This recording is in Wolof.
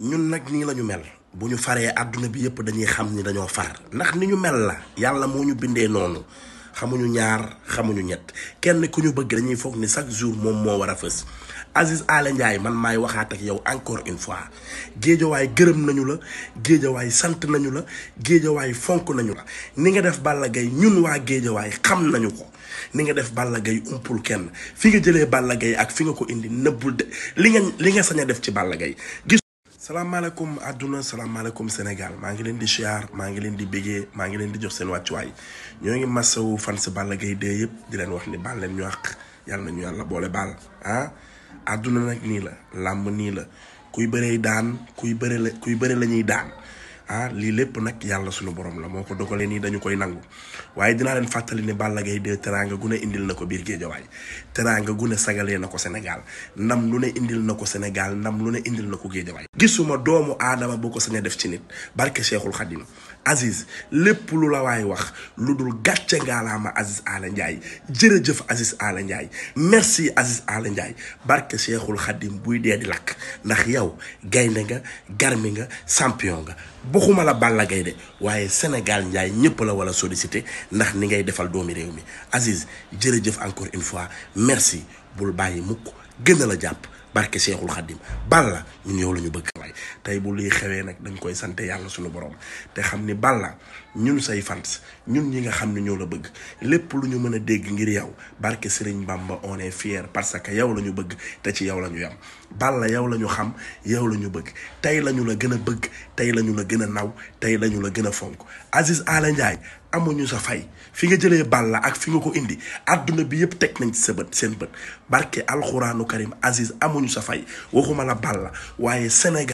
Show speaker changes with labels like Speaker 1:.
Speaker 1: ñun nag nii la ñu mel bu ñu faree àdduna bi yëpp dañuy xam ni dañoo far ndax ni ñu mel la yàlla moo ñu bindee noonu xamuñu ñaar xamuñu ñett kenn ku ñu bëgg dañuy foog ni chaque jour moom moo war a fës Aziz Aly Ndiaye man maay waxaat ak yow encore une fois géejawaay gërëm nañu la géejawaay sant nañu la géejawaay fonk nañu la ni nga def Balla Gaye ñun waa géejawaay xam nañu ko ni nga def Balla Gaye umpul kenn fi nga jëlee Balla Gaye ak fi nga ko indi nëbbul li nga li nga sañ a def ci Balla salaamaaleykum àdduna salaamaaleykum Sénégal maa ngi leen di siyaar maa ngi leen di bégee maa ngi leen di jox seen wàccuwaay ñoo ngi massawu fan si Balla Gaye 2 yëpp di leen wax ni baal leen ñu àq yàlla nañu yàlla boole baal ah àdduna nag nii la làmb nii la kuy bëree daan kuy bëre la kuy bëre la ñuy daan ah lii lépp nag yàlla suñu borom la moo ko dogalee nii dañu koy nangu waaye dinaa leen fàttali ne Balla Gaye 2 teraanga gu ne indil na ko biir géejawaay teraanga gu ne sagalee na ko Sénégal ndam lu ne indil na ko Sénégal ndam lu ne indil na ko géejawaay gisuma doomu aadama boo ko sañ a def ci nit barke Cheikhul Khadim Aziz lépp lu la waaye wax lu dul gàcce ngaalaama Aziz Ala Ndiaye jërëjëf Aziz Ala Ndiaye merci Aziz Ala Ndiaye barke Cheikhul Khadim buy dee di lakk ndax yow gaynde nga garmi nga champion nga boxuma la Balla Gaye de waaye Sénégal njaay ñëpp la wala solicité ndax ni ngay defal doomi réew mi Aziz jërëjëf encore une fois merci bul bàyyi mukk gën a la jàpp barke Seexul Xaddim Balla ñun yow la bëgg lay tey bu luy xewee nag dañ koy sante yàlla suñu borom te xam ni Balla ñun say fans ñun ñi nga xam ne ñoo la bëgg lépp lu ñu mën a dégg ngir yow barke Serigne Bamba on est fier parce que yow la ñu bëgg te ci yow la ñu yam Balla yow la ñu xam yow la ñu bëgg tey la ñu la gën a bëgg tey la ñu la gën a naw tey lañu la gën a fonk Aziz Ala Ndiaye amuñu sa fay fi nga jëlee Balla ak fi nga ko indi àdduna bi yëpp teg nañ ci sa bët seen bët barke alxuraanu karim Aziz amuñu sa fay waxuma la Balla waaye Sénégal